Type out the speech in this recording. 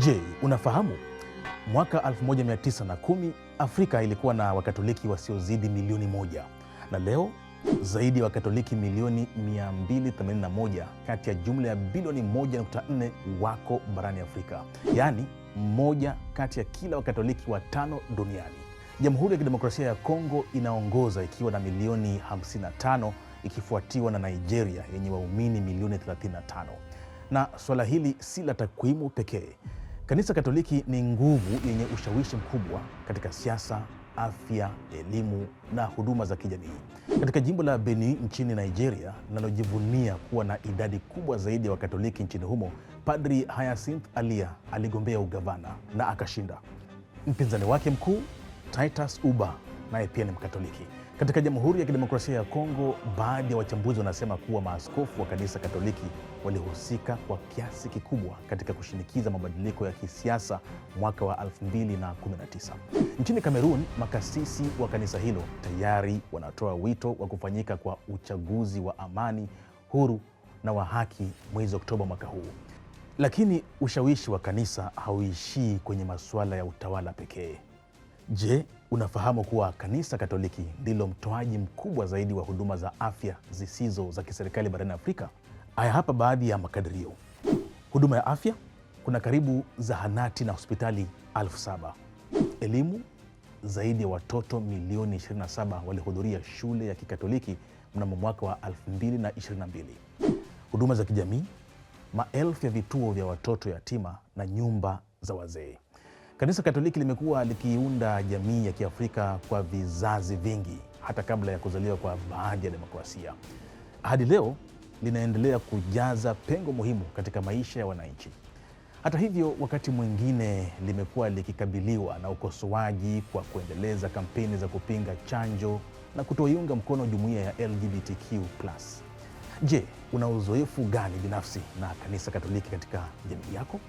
Je, unafahamu mwaka 1910 Afrika ilikuwa na Wakatoliki wasiozidi milioni moja na leo zaidi ya Wakatoliki milioni 281 kati ya jumla ya bilioni 1.4 wako barani Afrika, yaani mmoja kati ya kila Wakatoliki watano duniani. Jamhuri ya Kidemokrasia ya Kongo inaongoza ikiwa na milioni 55 ikifuatiwa na Nigeria yenye waumini milioni 35. Na swala hili si la takwimu pekee Kanisa Katoliki ni nguvu yenye ushawishi mkubwa katika siasa, afya, elimu na huduma za kijamii. Katika jimbo la Beni nchini Nigeria, linalojivunia kuwa na idadi kubwa zaidi ya wa Wakatoliki nchini humo, Padri Hyacinth Alia aligombea ugavana na akashinda. Mpinzani wake mkuu Titus Uba naye pia ni Mkatoliki. Katika Jamhuri ya Kidemokrasia ya Kongo, baadhi ya wachambuzi wanasema kuwa maaskofu wa kanisa Katoliki walihusika kwa kiasi kikubwa katika kushinikiza mabadiliko ya kisiasa mwaka wa 2019. Nchini Kamerun, makasisi wa kanisa hilo tayari wanatoa wito wa kufanyika kwa uchaguzi wa amani, huru na wa haki mwezi Oktoba mwaka huu. Lakini ushawishi wa kanisa hauishii kwenye masuala ya utawala pekee. Je, Unafahamu kuwa kanisa Katoliki ndilo mtoaji mkubwa zaidi wa huduma za afya zisizo za kiserikali barani Afrika? Haya hapa baadhi ya makadirio. Huduma ya afya, kuna karibu zahanati na hospitali elfu saba. Elimu, zaidi ya watoto milioni 27 walihudhuria shule ya Kikatoliki mnamo mwaka wa 2022. Huduma za kijamii, maelfu ya vituo vya watoto yatima na nyumba za wazee. Kanisa Katoliki limekuwa likiunda jamii ya Kiafrika kwa vizazi vingi, hata kabla ya kuzaliwa kwa baadhi ya demokrasia. Hadi leo linaendelea kujaza pengo muhimu katika maisha ya wananchi. Hata hivyo, wakati mwingine limekuwa likikabiliwa na ukosoaji kwa kuendeleza kampeni za kupinga chanjo na kutoiunga mkono jumuiya ya LGBTQ+. Je, una uzoefu gani binafsi na Kanisa Katoliki katika jamii yako?